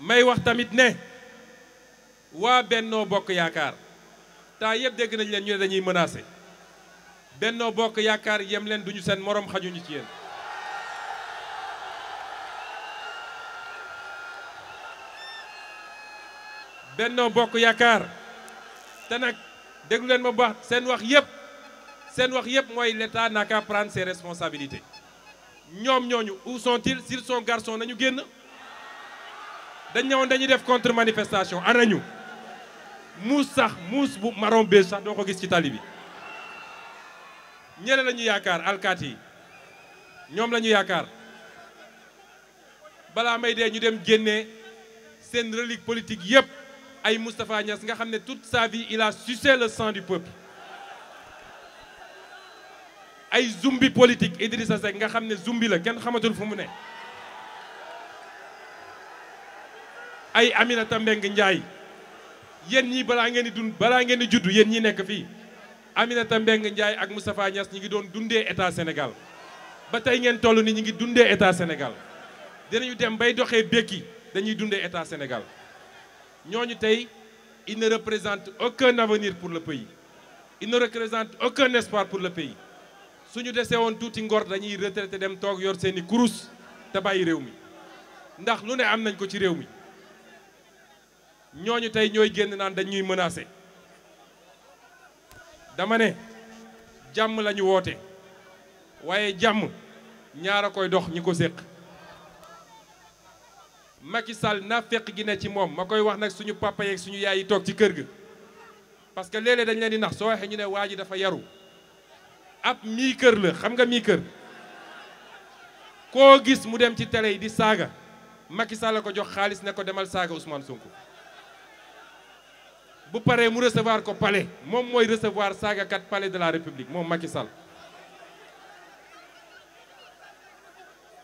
may wax tamit ne waa Bennoo Bokk Yaakaar temps yëpp dégg nañ leen ñu ne dañuy menacé Bennoo Bokk Yaakaar yem leen duñu seen morom xajuñu ci yéen. Bennoo Bokk Yaakaar te nag déglu leen ma bu baax seen wax yëpp seen wax yëpp mooy l'État n'a qu'à prendre ses responsabilités ñoom ñooñu où sont-ils s'ils sont garçons nañu génn. dañ ñëwoon dañuy def contre manifestation anañu muus sax muus bu marron beige sax doo ko gis ci tali bi ñeneen la yaakaar alkaat yi ñoom la ñu yaakaar balaa may dee ñu dem génnee seen relique politique yépp ay Moustapha Niass nga xam ne toute sa vie il a sucé le sang du peuple ay zumbi politique Idrissa Seck nga xam ne zumbi la kenn xamatul fu mu ne ay Aminata Mbengue Ndiaye yéen ñi balaa ngeen di dund balaa ngeen di juddu yéen ñii nekk fii Aminata Mbengue njaay ak Moustapha Niass ñi ngi doon dundee état senegal ba tey ngeen toll ni ñi ngi dundee état Sénégal ñu dem bay doxee békki dañuy dundee état Sénégal ñooñu tey il ne représente aucun avenir pour le pays il ne représente aucun espoir pour le pays suñu desee woon tuuti ngor dañuy retraité dem toog yor seeni kurus te bàyyi réew mi ndax lu ne am nañ ko ci réew mi ñooñu tey ñooy génn naan dañuy menacé dama ne jàmm la woote waaye jàmm ñaar a koy dox ñi ko séq Macky Sall na fekk gi ne ci moom ma koy wax nag suñu papa suñu yaay yi toog ci kër gi parce que léeg dañ leen di nax soo waxee ñu ne waa ji dafa yaru ab mii kër la xam nga mii kër koo gis mu dem ci tele yi di saaga Macky Sall la ko jox xaalis ne ko demal saaga Ousmane Sonko bu paree mu recevoir ko palais moom mooy recevoir saagakat palais de la république moom Macky Sall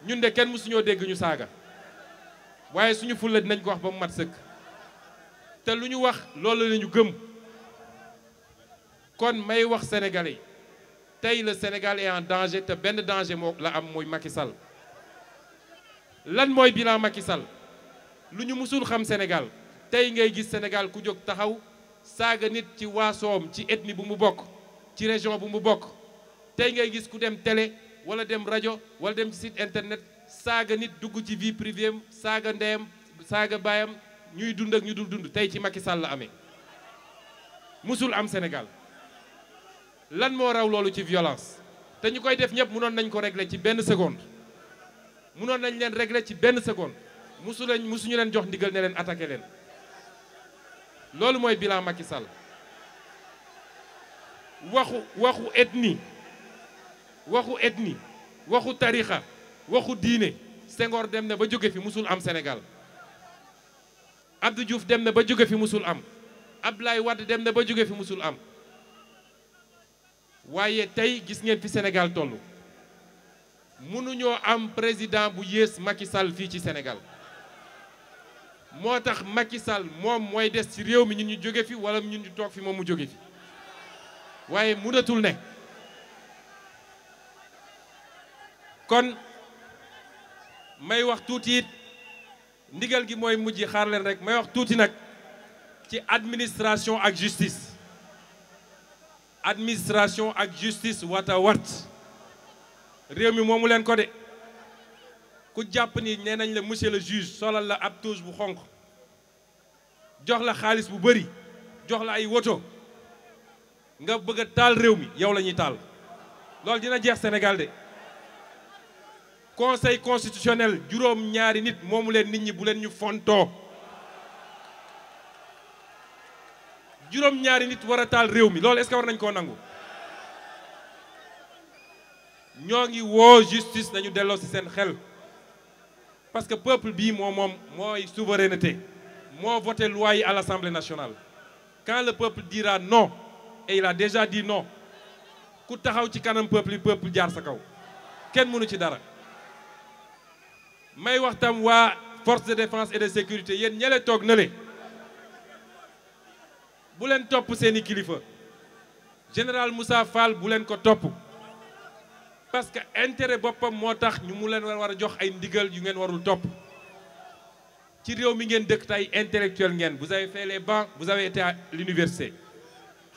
ñun de kenn mësuñoo dégg ñu saaga waaye suñu fulla dinañ ko wax ba mu mat sëkk te lu ñu wax loolu la ñu gëm kon may wax sénégalais tey le Sénégal est en danger te benn danger moo la am mooy Macky sal lan mooy bilan Macky sal lu ñu mësul xam Sénégal tey ngay gis Sénégal ku jóg taxaw saaga nit ci waasoom ci etni bu mu bokk ci région bu mu bokk tey ngay gis ku dem tele wala dem rajo wala dem ci site internet saaga nit dugg ci vie privée am saaga ndeyam saaga baayam ñuy dund ak ñu dul dund tey ci Macky Sall la musul am Sénégal lan moo raw loolu ci violence te ñu koy def ñëpp mënoon nañ ko régler ci benn seconde mënoon nañ leen régler ci benn seconde musu lañ musuñu leen jox ndigal ne leen attaqué leen loolu mooy bilan Macky Sall waxu waxu ethnie waxu ethnie waxu tarixa waxu diine sengoor dem na ba jóge fi musul am senegal Abdou Diouf dem na ba jóge fi mosul am Abdoulaye Wade dem na ba jóge fi musul am waaye tey gis ngeen fi Sénégal toll mënuñoo am président bu yées Macky Sall fii ci senegal moo tax Macky Sall moom mooy des ci réew mi ñun ñu jóge fi wala ñun ñu toog fi moom mu jóge fi waaye mënatul nekk kon may wax tuuti it ndigal gi mooy mujj xaar rek may wax tuuti nag ci administration ak justice administration ak justice wata wat réew mi moomu leen ko de ku jàpp ni nee nañ la monsieur le juge solal la ab toge bu xonq jox la xaalis bu bari jox la ay woto nga bëgg a taal réew mi yow lañuy ñuy taal loolu dina jeex Sénégal de conseil constitutionnel juróom ñaari nit moomu leen nit ñi bu leen ñu fontoo juróom ñaari nit war a taal réew mi loolu est-ce que nañ koo nangu ñoo ngi woo justice nañu delloo ci seen xel parce que peuple bii moo moom mooy souveraineté moo voté loi yi à l'Assemblée nationale quand le peuple dira non et il déjà dit non ku taxaw ci kanam peuple yi peuple jaar sa kaw kenn mënu ci dara may wax tam waa force de défense et de sécurité yéen ñele toog na le bu leen topp seeni kilifa général Moussa Fall bu leen ko topp parce que intérêt boppam moo tax ñu mu leen war a jox ay ndigal yu ngeen warul topp ci réew mi ngeen dëkk tey intellectuel ngeen bu avez fait les bancs vous avez été à l'université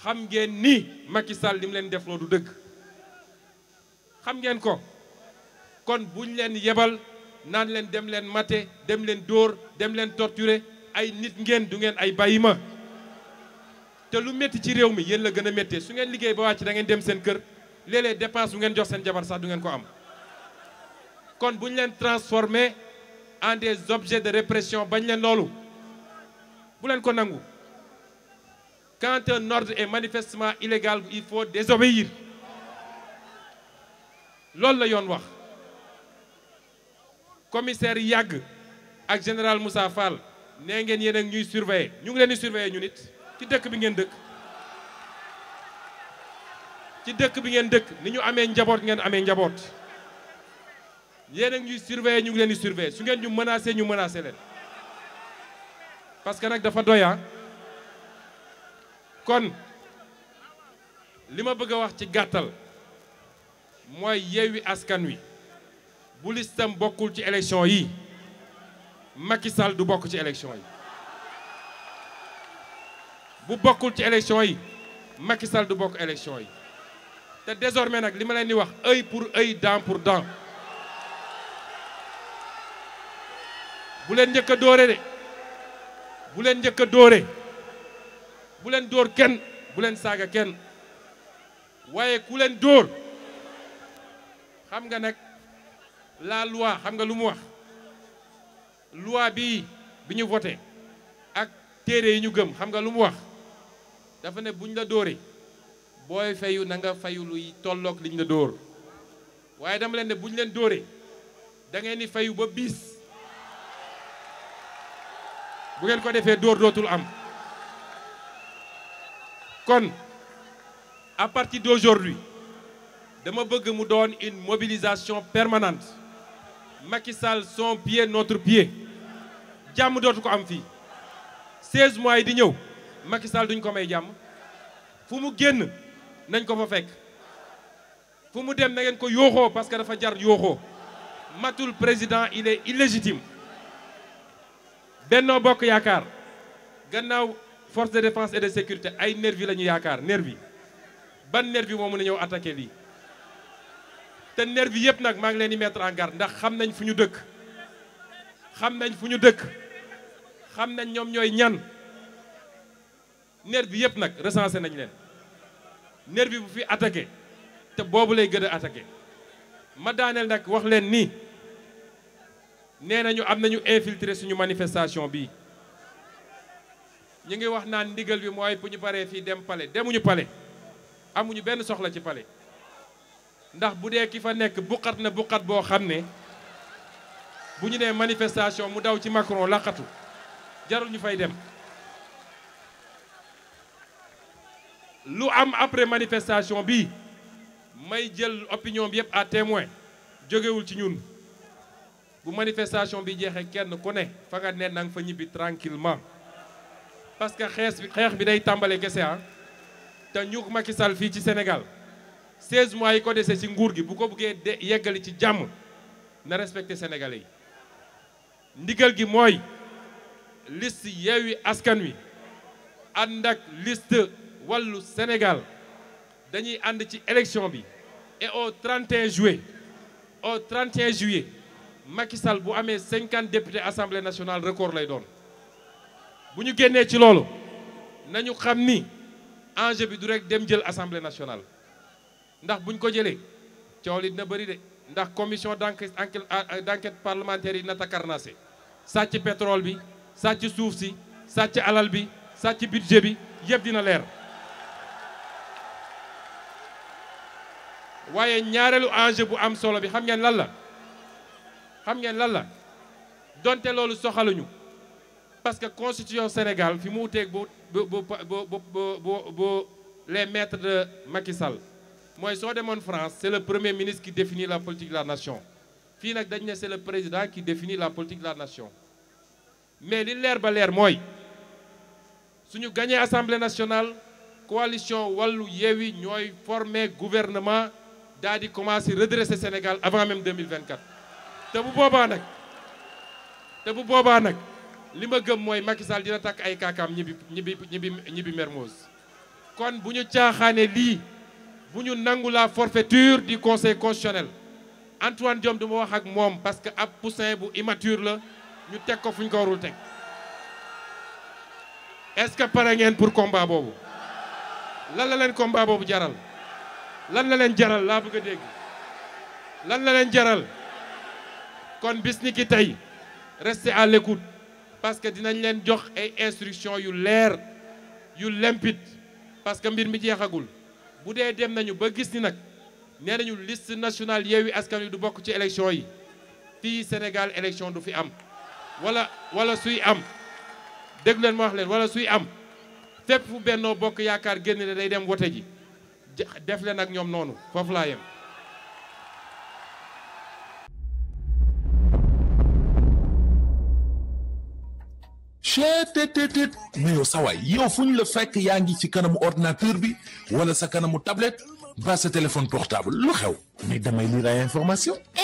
xam ngeen ni Macky Sall li mu leen def loo du dëkk xam ngeen ko kon buñ leen yebal naan leen dem leen mate dem leen dóor dem leen torturer ay nit ngeen du ngeen ay bàyyi ma te lu métti ci réew mi yéen la gën a méttee su ngeen liggéey ba wàcc dangeen dem seen kër léeg-léeg dépense bu ngeen jox seen jabar sax du ngeen ko am kon bu ñu leen transformer en des objets de répression bañ leen loolu bu leen ko nangu quand un et manifestement illégal il faut désobéir loolu la yoon wax commissaire yàgg ak général Moussa Fall nee ngeen yéen ak ñuy surveiller ñu ngi leen di surveiller ñu nit ci dëkk bi ngeen dëkk ci dëkk bi ngeen dëkk ni ñu amee njaboot ngeen amee njaboot yéen a ngi ñuy ñu ngi leen di su ngeen ñu menacé ñu menacé leen parce que nag dafa doya ah. kon li ma bëgg a wax ci gàttal mooy Yewwi Askan Wi bu listam bokkul ci élection yi Macky Sall du bokk ci élection yi bu bokkul ci élection yi Macky Sall du bokk élection yi te désormais nag li ma leen di wax ay pour ay dent pour dent bu leen njëkk a dóore de bu leen njëkk a dóore bu leen dóor kenn bu leen saaga kenn waaye ku leen dóor xam nga nag la loi xam nga lu mu wax loi bi bi ñu voté ak téere yi ñu gëm xam nga lu mu wax dafa ne buñ la dóore booy fayu na nga fayu luy tolloog liñ la dóor waaye dama leen ne bu ñu leen dóoree da ngeen di fayu ba bis bu ngeen ko defee dóor dootul am kon à partir d'aujourd'hui dama bëgg mu doon une mobilisation permanente Macky Sall son pied notre pied jàmm dootu ko am fii 16 mois yi di ñëw Macky Sall duñ ko may jàmm fu mu génn nañ ko fa fekk fu mu dem na ngeen ko yooxoo parce que dafa jar yooxoo matul président il est illégitime Benno Bokk Yaakaar gannaaw force de défense et de sécurité ay nervi la ñu yaakaar nervi ban nervi moo mën a ñëw attaqué lii te nervi yëpp nag maa ngi leen di mettre en garde ndax xam nañ fu ñu dëkk xam nañ fu ñu dëkk xam nañ ñoom ñooy ñan nervi yëpp nag recensé nañ leen bi bu fi attaqué te boobu lay gën a attaqué ma daaneel nag wax leen nii nee nañu am nañu infiltré suñu manifestation bii ñu ngi wax naan ndigal bi mooy bu ñu paree fii dem pale demuñu pale amuñu benn soxla ci pale ndax bu dee ki fa nekk buqat na buqat boo xam ne bu ñu nee manifestation mu daw ci Macron laqatu jarul ñu fay dem lu am après manifestation bi may jël opinion bi yëpp à témoin jógewul ci ñun bu manifestation bi jeexee kenn ku ne fa nga ne na fa ñibbi tranquillement parce que xeex bi xeex bi day tàmbale kese ah te ñu Macky sal fii ci Sénégal 16 mois yi ko dese ci nguur gi bu ko buggee de yeggali ci jàmm na respecté sénégalais yi ndigal gi mooy liste Yewwi Askan Wi ànd ak liste wàllu Sénégal dañuy ànd ci élection bi et au 31 juillet au 31 juillet Macky Sall bu amee 50 députés assemblée nationale record lay doon bu ñu génnee ci loolu nañu xam ni enjeu bi du rek dem jël assemblée nationale ndax buñ ko jëlee coow li dina bëri de ndax commission d'enquête euh, d'enquête parlementaire yi na takarnase sàcc pétrole bi sàcc suuf si sàcc alal bi sàcc budget bi yëpp dina leer waaye ñaareelu enjeu bu am solo bi xam ngeen lan la xam ngeen lan la donte loolu soxaluñu parce que constitution Sénégal fi mu wuteeg bu bu bu bu bu les maîtres de Macky Sall mooy soo demoon France c'est le premier ministre qui définit la politique la nation fii nag dañ ne c'est le président qui définit la politique de la nation mais li leer ba leer mooy suñu gagné assemblée nationale coalition wallu yeewi ñooy former gouvernement daa di commencer redresser Sénégal avant même 2024 te bu boobaa nag te bu boobaa nag li ma gëm mooy Macky Sall dina takk ay kaakaam ñibbi ñibbi ñibbi ñibbi Mermoz kon bu ñu caaxaane lii bu ñu nangu la forfaiture du conseil constitutionnel Antoine Diome du ma wax ak moom parce que ab poussin bu immature la ñu teg ko fu ñu ko warul teg est-ce que pare ngeen pour combat boobu lan la leen combat boobu jaral lan la leen jaral laa bëgg a dégg lan la leen jaral kon bis ni ki tey restez à l'écoute parce que dinañ leen jox ay instructions yu leer yu limpide parce que mbir mi jeexagul bu dee dem nañu ba gis ni nag nee nañu liste nationale Yewwi Askan Wi du bokk ci élection yi fii Sénégal élection du fi am wala wala suy am dégg leen ma wax leen wala suy am fépp fu Benno Bokk Yaakaar génn ne day dem wote ji def leen ak ñoom noonu foofu laa yem chetttt mais yow sawaay yow fu ñu la fekk yaa ngi ci kanamu ordinateur bi wala sa kanamu tablette ba sa téléphone portable lu xew mais damay lire information